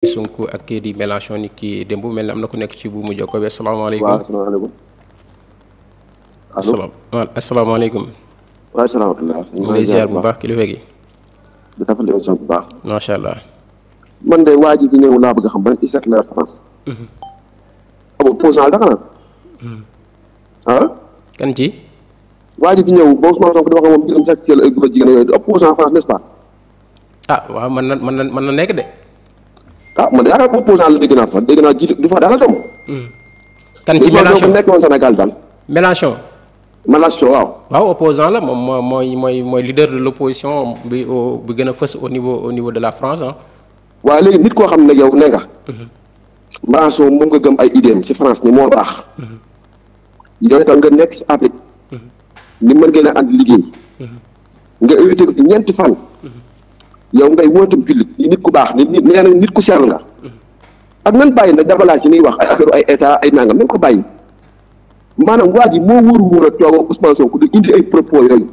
Sonko ak kii di Mélenchon ni kii démb mel na am na ku nekk ci bu mu jokkoo bi asalaamaaleykum waaw asalaamaaleykum. allo asalaamaaleykum. waaw salaamaaleykum. bu baax kilifa gi. di rafetlu émission bu baax. macha allah. man de waa ji ñëw laa bëgg a xam ban ISRA France. Mhm. Mhm. ah. di wax moom mbirum sexuel ah, waaw na mën na mën na nekk de. ah man de yaakaar opposant la dégg naa fa dégg naa jiitu du fa daal la dem. Hmm. kan ci Mélenchon bu nekk woon Sénégal daal. Mélenchon. Mélenchon waaw. waaw opposant la moom mooy mooy mooy leader de l' opposition bi bi gën a fës au niveau au niveau de la France ah. waaye léegi nit koo xam ne yow nee nga. Hmm. Mélenchon moom nga gëm ay idéem ci France ni moo baax. Hmm. yow itam nekk ci Afrique. ni mën ngeen a ànd liggéey. nga invité ko ñeenti fan. yow ngay wooteeb jullit nit ku baax nit nee na nit ku sell nga. ak nan bàyyi nag déballage yi nuy wax ay affaire ay état ay nangam nañ ko bàyyi maanaam waa ji moo wóorul woon a toog ak Ousmane Sonko ay propos yooyu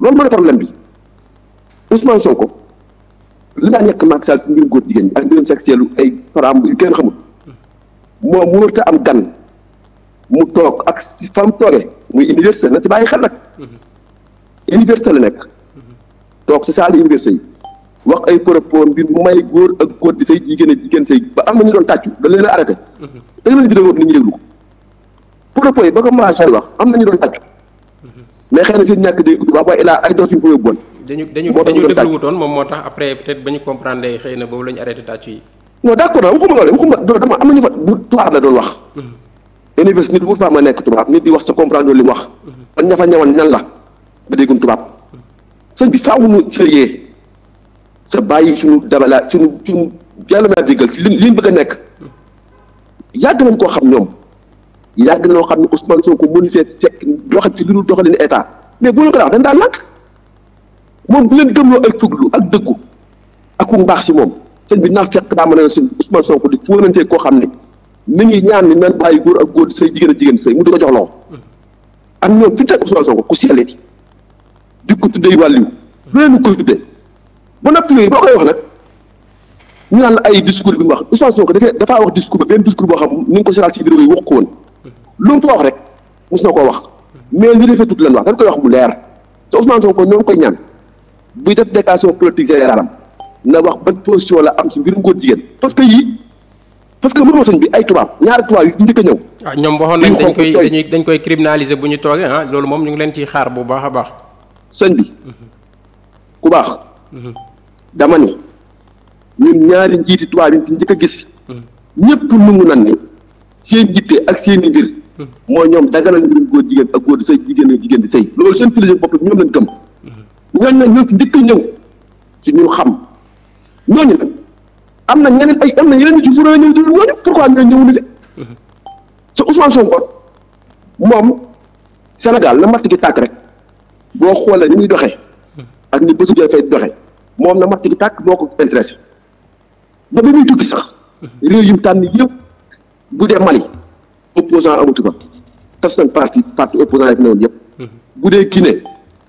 loolu mooy problème bi Ousmane Sonko li daa nekk Macky Sall ak mbirum sexuel ay faram yu kenn xamul moom wóorut a am gan mu toog ak si fam toogee muy université na si bàyyi xel nag mm-hmm. université la nekk mm-hmm. toog si salle université yi. wax ay propos mbir mu may góor ak góor di say jigéen a say ba am na ñu doon tàccu da leen a arrêté. dëgg la ñu vidéo nit ñi déglu ko am na doon tàccu mhm. mais xëy na seen ñàkk dégg wax ba ilaa ay dox yu ñu ko bon. moom moo tax après peut-être ba ñu comprendre xëy na boobu la ñu arrêté tàccu yi. non d'accord waxuma loolu waxuma dama am na ñu fa bu wax. Mhm. université nit bu faa ma nekk tubaab nit di wax te comprendre li wax. kon mhm. ña fa ñëwoon ñan la ba dégguñ tubaab sëñ bi faaw mu sëyee sa bàyyi suñu dabala suñu suñu yàlla ma ci li liñ bëgg a nekk yàgg nañ koo xam ñoom yàgg nañoo xam ne Ousmane Sonko mënu fee fekk doxal ci lu dul doxalin état mais bu ñu ko daax dañ daan lànk moom bu leen gëmloo ay fuglu ak dëggu ak ku mbaax si moom sëñ bi naa fekk daa mën a suñ Ousmane Sonko di fóonantee koo xam ne mi ngi ñaan ni nan bàyyi góor ak góor di say jigéen ak jigéen di say mu di ko jox loxo ak ñoom fi ñu teg Ousmane Sonko ku seleti di ko tuddee wàlliw lu leen koy tuddee yooyu boo koy wax nag ñu naan ay discours bi mu wax Ousmane Sonko dafee dafaa wax discours benn discours boo xam ni nga ko seetaan ci vidéo yi ko woon lu mu fa wax rek wax mais li defee tudd lan wax dañ koy wax mu leer te Ousmane Sonko ñoo ngi koy ñaan buy def déclaration politique générale am na wax ban position la am ci mu góor jigéen parce que yii parce que mënoo sëñ bi ay tubaab ñaari tubaab yu njëkk a ñëw. waaw ah, ñoom waxoon nañ dañ koy dañuy dañ bu ñu toogee ah, loolu moom ñu ngi leen ciy xaar bu baax a baax. sëñ bi mm-hmm. ku baax. Mm-hmm. dama ni ñun ñaari njiiti tubaab yi njëkk a gis. ñëpp nangu nan ne seen jitte ak seen i mbir. mooy ñoom daganal mbirum góor jigéen ak góor di sëy jigéen ak jigéen di sëy loolu seen philosophie bopp ñoom lañ gëm. ñooñu nag ñu xam am na ñeneen ay am na yeneen yu ci fure ñëw ci ñooñu pourquoi ñooñu ñëwul de. su Ousmane Sonko moom Sénégal la matt gi tàkk rek boo xoolee ni muy doxe ak ni bésu jëfee doxee. moom na matt gi tàkk moo ko intéressé ba ba muy tukki sax réew yi mu tànn yëpp bu dee Mali opposant amatu fa tas nañ parti parti opposant yi yëpp mhm. bu dee Guinée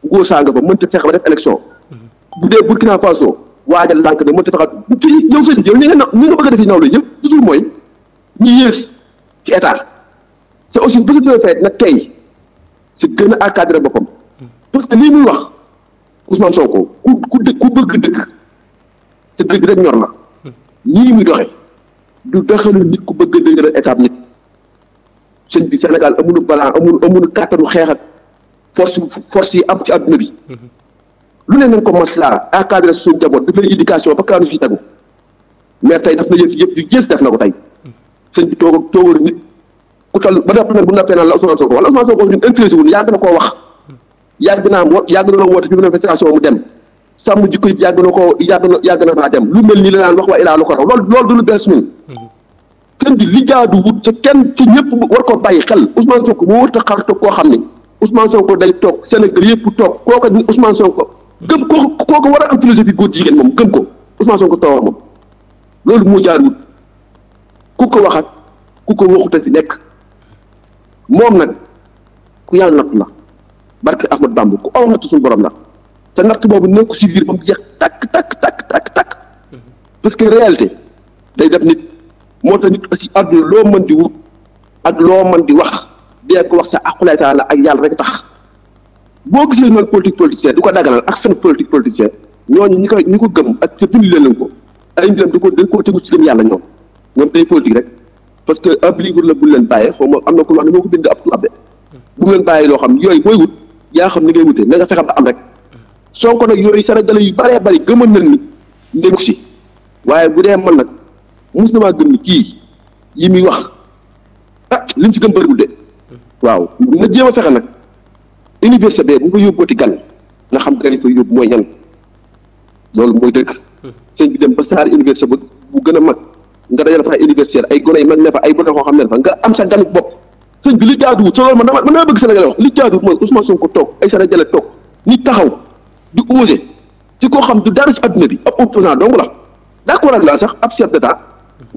góosaa nga fa mënta fexe ba def élection mhm. bu dee Burkina Faso waajal lànk ne mënta fexe bu fii ñëw fii yow ñi na ñi nga bëgg naw la yëpp toujours mooy ñi yées ci état c'est aussi bés bu ñu fay nag tey si gën a encadré boppam mhm. parce que lii muy wax Ousmane Sonko ku ku ku bëgg dëkk sa dëgg rek ñor la nii muy doxee du doxalu nit ku bëgg dëgg rek étape nit sëñ bi Sénégal amul balaa amul amul kàttanu xeex ak force yi am ci adduna bi lu ne nañ ko maslaa à cadre suñu jaboot daf lay éducation ba kaanu fii tegu mais tey daf na yëf yëf yu gës def na ko tey sëñ bi toog toogal nit ku tal ba def na bu nappee naan la Ousmane Sonko wala Ousmane Sonko ñun intéressé wuñu yàgg na koo wax yàgg naa wo yàgg na woote ci manifestation mu dem sàmm jikko yi yàgg na ko yàgg na yàgg na faa dem lu mel nii la naan wax waa ilaa lu ko raw loolu loolu du lu bees ñun mm-hmm. kenn di li jaadu wut ca kenn ci ñëpp war ko bàyyi xel Ousmane Sonko moo wërta xartu koo xam ni Ousmane Sonko day toog Sénégal yëpp toog kooka Ousmane Sonko mm-hmm. gëm kooku kooku war a am philosophie góor jigéen moom gëm ko Ousmane Sonko toog moom loolu mu jaadu wut ku ko wax ak ku ko waxut a nekk moom nag ku yàlla nattu la barke Ahmad Bamba ku aw natt suñu borom la te natt boobu nee ko subir ba mu jeex takk takk takk takk takk parce que réalité day def nit moo tax nit aussi àdduna loo man di wut ak loo man di wax dee ko wax sa aqulaay taala ak yàlla rek tax boo gisee noonu politique politicien du ko dagalal ak fen politique politicien ñooñu ñi koy ñi ko gëm ak te bind leen ko ay mbiram di ko dañ koo tegu ci gëm yàlla ñoom ñoom day politique rek parce que ab livre la bu leen bàyyee xaw ma moo ko bind ab tubaab bu loo xam yooyu booy yaa xam ni ngay wutee na nga fexe ba am rek Sonko nag yooyu sénégalais yu bëree bëri gëmal nañ ni ndégu si waaye bu dee man nag mus na maa gëm ni kii yi muy wax ah li mu ci gëm bëriwul de waaw na jéem a fexe nag université bee bu fa yóbbooti gan nga xam gan yi fa yóbbu mooy ñan loolu mooy dëkk sëñ bi dem ba saar université ba bu gën a mag nga dajal fa ay universitaire ay gone yu mag ne fa ay gone koo xam ne fa nga am sa gan bopp sëñ bi li jaaduwut soo loolu man man dama bëgg Sénégalais wax li jaaduwut mooy Ousmane Sonko toog ay Sénégalais toog ñu taxaw di oser ci koo xam du dara si adduna bi ab opposant dong la d'accord ak laa sax ab chef d'état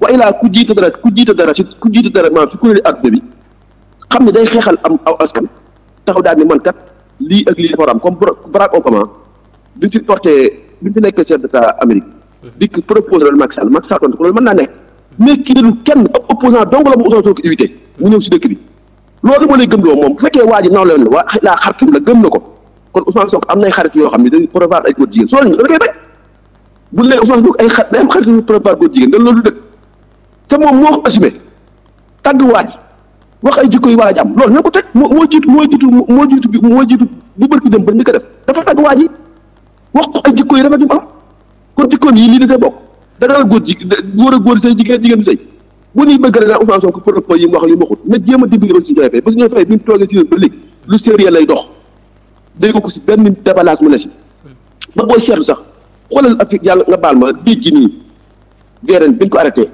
wa ilaa ku jiite dara ku jiite dara si ku jiite dara maanaam si kuréeli xam ne day xeexal am aw askan taxaw daal ni man kat lii ak lii dafa am comme Barack Obama bi mu fi porté bi mu nekk chef d'état Amérique dikk proposé loolu Macky ko loolu mën naa nekk mais kii kenn ab opposant la bu Ousmane Sonko invité mu ñëw si dëkk bi loolu ma lay gëm loo moom bu fekkee waa ji naw leen la waa laa xaritum la gëm na ko kon Ousmane Sonko am nay xarit yoo xam ne dañuy prévoir ay góor jigéen soo leen ñu da ay xarit day am xarit yu prévoir góor jigéen da loolu dëgg sa moom moo ko assumé tàgg waaj wax ay jikko yu waaj am loolu na ko teg moo moo jiitu moo jiitu moo jiitu bi moo jiitu bu bërki dem ba ñu ko def dafa tàgg waaj yi wax ko ay jikko yi rafet yu mu am kon jikkoon yi lii da see bokk da nga góor ji góor a góor sëy jigéen jigéen sëy bu ñuy bëgg rek naan Ousmane Sonko propos yi mu wax yu ma xut mais jéem a dimbali aussi ñooy fay parce que ñooy fay bi ñu toogee ci ba léegi lu sérieux lay dox dégg ko si benn déballage mu ne si ba booy seetlu sax xoolal Afrique yàlla nga baal ma géej gi nii VRN bi ñu ko arrêté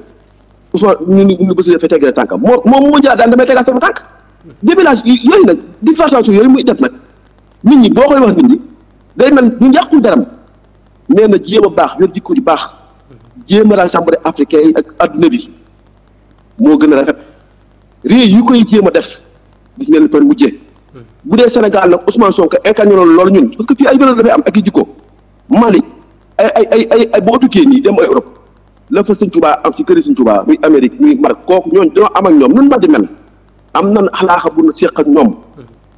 Ousmane ñu ñu ñu fa tegale tànkam moom nag muy def nag nit ñi boo koy wax nit ñi day mel ñu yàqul daram nee na jéem a baax yor jikko ju baax jéem a rassembler africain ak adduna bi moo gën a rafet réew yu koy jéem a def gis ngeen fan mujjee bu dee Sénégal nag Ousmane Sonko incarné loolu loolu ñun parce que fii ay valeur dafay am ak i jikko Mali ay ay ay ay ay boo tukkee nii dem ay Europe la fa sëñ Touba am si këri sëñ tubaa muy Amérique muy Maroc kooku ñooñu dañoo am ak ñoom nun ma di mel am nan xalaaxa bu nu séq ak moom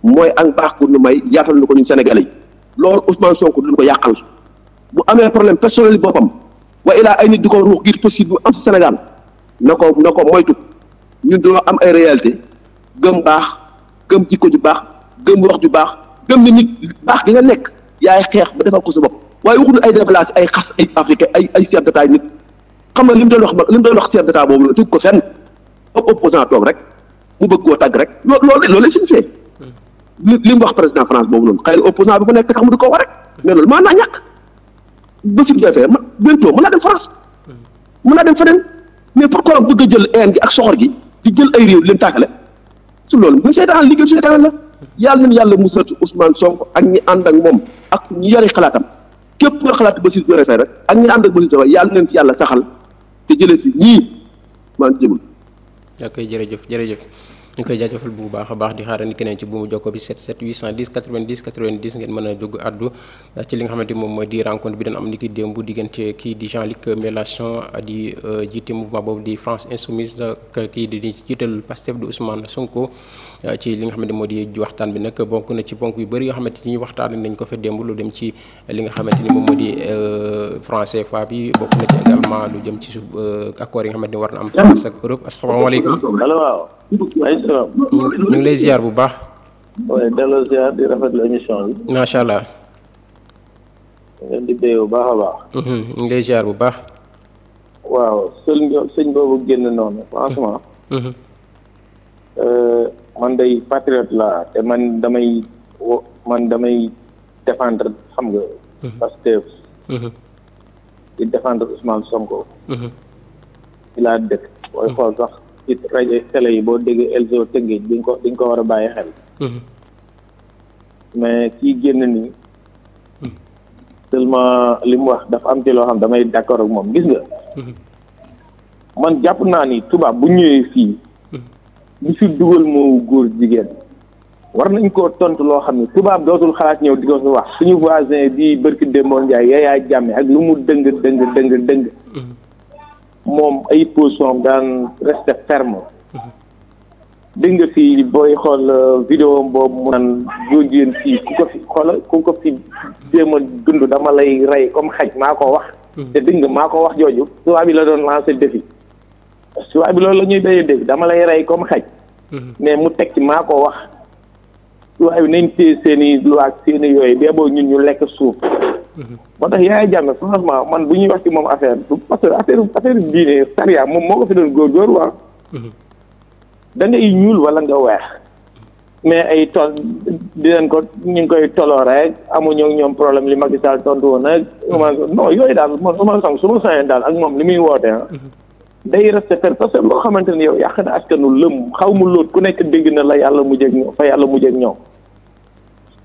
mooy ak baax gu nu may yaatal na ko ñun Sénégalais yi loolu Ousmane Sonko duñ ko yàqal bu amee problème personnel boppam wa ilaa ay nit di ko ruux ngir possible am si Sénégal na ko na ko moytu ñun dañoo am ay réalité gëm baax gëm jikko ju baax gëm wax ju baax gëm ni nit baax gi nga nekk yaay xeex ba defal ko sa bopp waaye waxuñu ay déplacé ay xas ay africain ay ay chef d'état nit xam nga li mu doon wax li mu doon wax chef d'état boobu la tëgg ko fenn op opposant toog rek mu bëgg koo tàgg rek loo loolu loolu la signifie hmm. li li mu wax président France boobu noonu xëy na opposant bi fa nekk xam nga du ko wax rek hmm. mais loolu maa naa ñàkk ba si bu defee ma bientôt mën naa dem France hmm. mën naa dem feneen mais pourquoi bëgg a jël haine gi ak soxor gi di jël ay réew leen tàggale su loolu muy seetaan liggéey seetaan la yàlla na yàlla musal ci Ousmane Sonko ak ñi ànd ak moom ak ñi yore xalaatam képp ku xalaat Bassirou Diomaye Faye rek ak ñi ànd ak Bassirou Diomaye yàlla leen fi yàlla saxal te jëlee fi ñii man jëmul. ok jërëjëf jërëjëf. ñu koy jaajëfal bu baax a baax di xaarandi keneen ci buumu jokko bi 77 810 90 90 ngeen mën a dugg addu euh, ci li nga xamante moom mooy di rencontre bi ci li nga xamante moo di waxtaan bi nag bokk na ci bonk yu bari yoo xamante ni waxtaan nañ ko fa démb lu dem ci li nga xamante ni moom moo di euh, franc CFA bi bokk na ci également lu jëm ci euh, accord yi nga xamante ni war na am France ak Europe asalaamaaleykum. ñu ngi lay ziar bu baax. waaye delloo ziar di la émission bi. macha allah. ngeen di béy bu baax a baax. Mhm, ñu lay ziar bu baax. waaw sëñ sëñ boobu génn noonu franchement. Mhm. Mhm. Euh, man day patriote la te man damay man damay défendre xam nga. Pastef. di défendre Ousmane Sonko. ci laa dëkk. booy xool sax. ci rajo télé yi boo déggee Elzo Tëngéej di nga ko di ko war a bàyyi xel. Mm-hmm. mais kii génn nii. seulement li mu wax dafa am ci loo xam damay d'accord ak moom gis nga. Mm-hmm. man jàpp naa ni tubaab bu ñëwee fii. Mm-hmm. li fi dugal moo góor jigéen. war nañ koo tontu loo xam ne tubaab dootul xalaat ñëw di ko wax suñu voisin bi barki Demba Ndiaye Yaya Jammeh ak lu mu dëng dëng dëng dëng. moom ay position am daan rester ferme dégg nga fi booy xool euh, vidéo boobu mu naan jógeen fii ku ko fi xoolal ku ko fi jéem a dund dama lay rey comme xaj maa ko wax hmm. te dégg nga maa ko wax jooju tubaab bi la doon lancer défi tubaab loolu la ñuy béyee défi dama lay rey comme xaj hmm. mais mu teg ci maa ko wax loi bi nañ téye seen i loi seen yooyu beeboo ñun ñu lekk suuf moo tax yaay jàmm franchement man bu ñuy wax ci moom affaire parce que affaire affaire diine sariya moom moo ko fi doon góorgóor waa da ñuul wala nga weex mais ay tol dinañ ko ñu ngi koy toloo rek amuñu ñoom problème li Macky Sall tontu nag non yooyu daal man Ousmane Sonko su ma sañoon daal ak moom li muy woote ah day respecter parce que loo xamante ni yow yàq na askanu lëm xaw mu lóot ku nekk dégg na la yàlla mujjee ak ñoom fa yàlla mujjee ak ñoom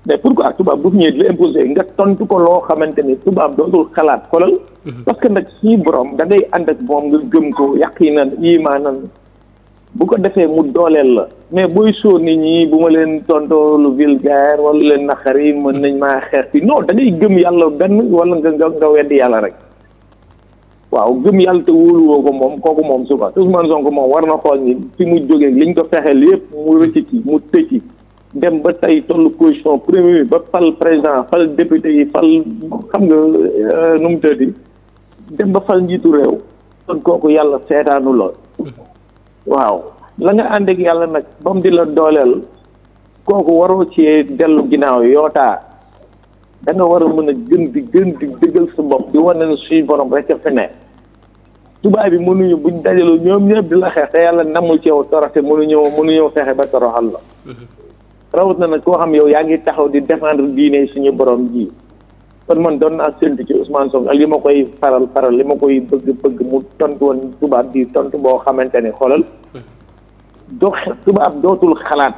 mais pourquoi tubaab bu fi ñëwee di la nga tontu ko loo xamante ni tubaab dootul xalaat xoolal. Mhm. parce que nag suñu boroom da ànd ak moom nga gëm ko na yaqinan imaanan bu ko defee mu dooleel la mais booy sóor nit ñi bu ma leen tontoo lu vulgaire wala leen naqari mën nañ maa xeex fi non da ngay gëm yàlla benn wala nga nga nga weddi yàlla rek. waaw gëm yàlla te wóoluwoo ko moom kooku moom suba Ousmane Sonko moom war na xool ni fi mu jógee liñ ko fexeel yëpp mu rëcc ci mu tëcc dem ba tey toll position premier ba fal président fal député yi fal xam nga euh, nu dem ba fal njiitu réew kon kooku yàlla seetaanu la waaw la nga ànd yàlla nag ba mu di la dooleel kooku waroo ci dellu ginnaaw yootaa da nga war a mën a gën bi gën di dëggal sa bopp di wane ne suñu borom rek fi ne tubaab bi mënuñu buñ dajaloo ñoom ñëpp di la xeex te yàlla namul ci yow toroxte mënuñoo mënuñoo fexe ba toroxal la rawat na nag koo xam yow yaa ngi taxaw di défendre diine suñu borom ji kon man doon naa séntu ci Ousmane Sonko li ma koy paral paral li ma koy bëgg bëgg mu tontu woon tubaab bi tontu boo xamante ne xoolal. doo tubaab dootul xalaat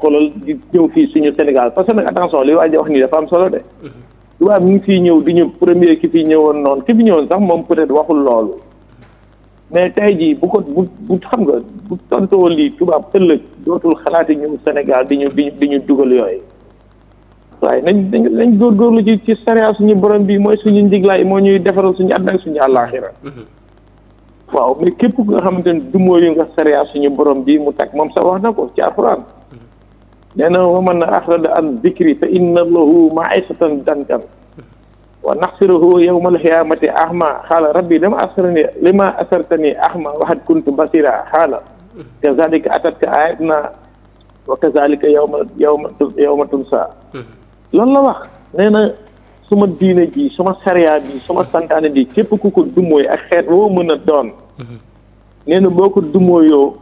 xoolal di ñëw fii suñu Sénégal parce que nag attention li waa ji wax nii dafa am solo de. tubaab mhm. mi ngi fii ñëw di ñu premier ki fi ñëwoon noonu ki fi ñëwoon sax moom peut-être waxul loolu mais tey jii bu ko bu bu xam nga bu tontoo lii tubaab ëllëg dootul yi ñëw Sénégal di ñu di ñu dugal yooyu. waaye nañ nañ nañ góorgóorlu ci ci sariya suñu borom bi mooy suñu njiglaay moo ñuy defaral suñu àddina ak suñu àllaaxira mhm. waaw mais képp ku nga xamante ne du mooyu nga sariya suñu borom bi mu tag moom sax wax na ci alxuraan nee na wa man axrada an dikri fa inna lahu maisatan dankan wa naxsiruhu yowma alxiyaamati ahma xaala rabbi lima asarani lima asartani ahma waxat kuntu basira xaala kazalika atatka ayatna wa kazalika yowma yowma yowma tunsa loolu la wax nee na suma diine ji suma sariya bi suma santaane ji képp ku ko dumooy ak xeet woo mën a doon nee boo ko dumooyoo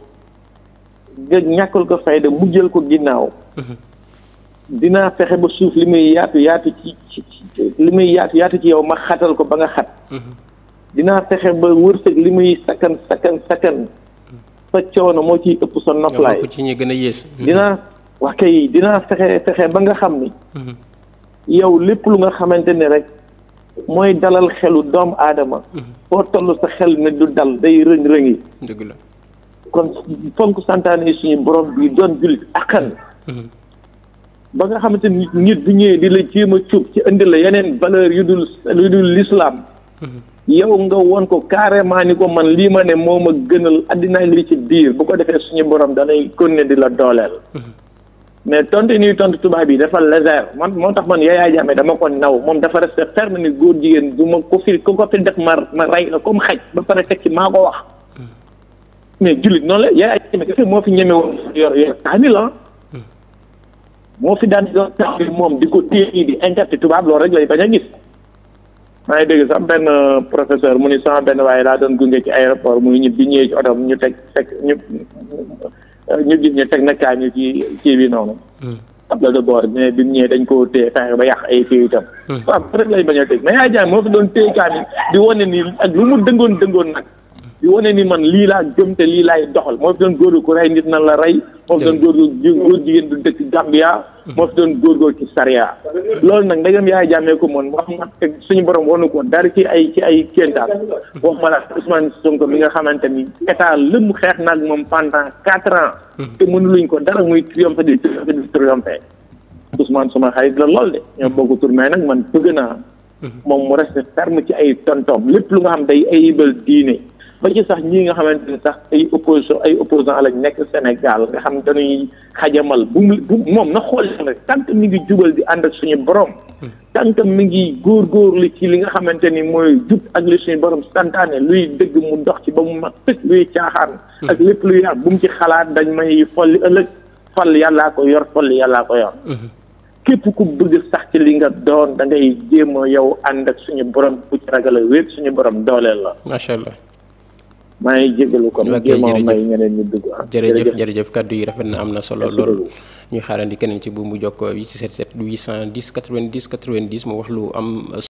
nga ñàkkal ko fayda mu jël ko ginnaaw Mm-hmm. dinaa fexe ba suuf li muy yaatu yaatu ci li muy yaatu yaatu ci yow ma xatal ko ba nga xat mm-hmm. dinaa fexe ba wërsëg li muy sakkan sakkan sakkan sa coono moo ciy ëpp sa noflaay ci ñi gën a yées mm-hmm. dinaa wax kay dinaa fexe fexe ba nga xam ni yow lépp lu nga xamante ne rek mooy dalal xelu doomu aadama foo toll sa xel ne du dal day rëng-rëngi dëgg la kon fonk santaane suñu borom bi doon jullit akkan ba nga xamante ni nit bu ñëwee di la jéem a cuub ci indi la yeneen valeur yu dul yu dul lislaam yow nga woon ko carrément ni ko man lii ma ne moo ma gënal addinaa li ci biir bu ko defee suñu borom dalay kon ne di la dooleel mais tontu ñuy tontu tubaab yi dafa légère man moo tax man Yaya Jammeh dama ko naw moom dafa resté ferme ni góor jigéen du ma ko fi ku ko fi def ma ma comme xaj ba pare teg ci maa ko wax mais jullit noonu la Yaya Jammeh moo fi daan doon tax moom di ko téye yi di interpréter tubaab loolu rek lay bañ a gis maa ngi dégg sax benn euh, professeur mu ni sama benn waaye laa doon gunge ci aéroport muy ñib bi ñëwee ci oto ñu teg teg ñu euh, ñu gis ñu teg nakkaa ñu ci kii bi noonu tableau hmm. de bord mais bi ñëwee dañ koo téye fexe ba yàq ay téye itam hmm. waaw rek lay bañ a teg mais yaay jaay moo fi doon téye kaa di wane ni ak lu mu dëngoon dëngoon nag yu wane ni man lii laa gëm te lii laay doxal moo fi doon góor ko nit nan la rey moo fi góor góor jigéen du dëkk Gambia hmm. moo fi doon góor góor ci sariya loolu nag ndegam yaay jàmmee ko moom wax ma suñu boroom wanu ko dara ci ay ci ay kéntaan wax ma la Ousmane Sonko mi nga xamante ni état lëmm xeex nag moom pendant quatre ans hmm. te mënuluñ ko dara muy triomphe di triomphe di suma xarit la lool de ñoo bokk tur mais nag man bëgg naa hmm. moom mu reste ferme ci ay tontoom lépp lu nga xam day ayibal diine ba ci sax ñii nga xamante ni sax ay opposition ay opposant lañ nekk Sénégal nga xam dañuy xajamal bu bu moom na xool rek tant mi ngi jubal di ànd ak suñu borom. Hmm. tant mi ngi góorgóorlu li nga xamante ni mooy jub ak li suñu borom santaane luy dëgg mu dox ci ba mu mag tëj luy caaxaan. Hmm. ak lépp luy yar bu mu ci xalaat dañ may folli ëllëg fal yàllaa ko yor folli yàllaa ko yor. Hmm. képp ku bëgg sax ci li nga doon da ngay jéem a yow ànd ak suñu borom bu ci ragala wéet suñu borom dooleel la. macha allah. maa ngi jégalu kon jéem a may ah, jërëjëf jërëjëf yi rafet na am na solo lool ñuy xaarandi keneen ci bu mu jokkoo yi ci 77 810 90 90 mu wax lu am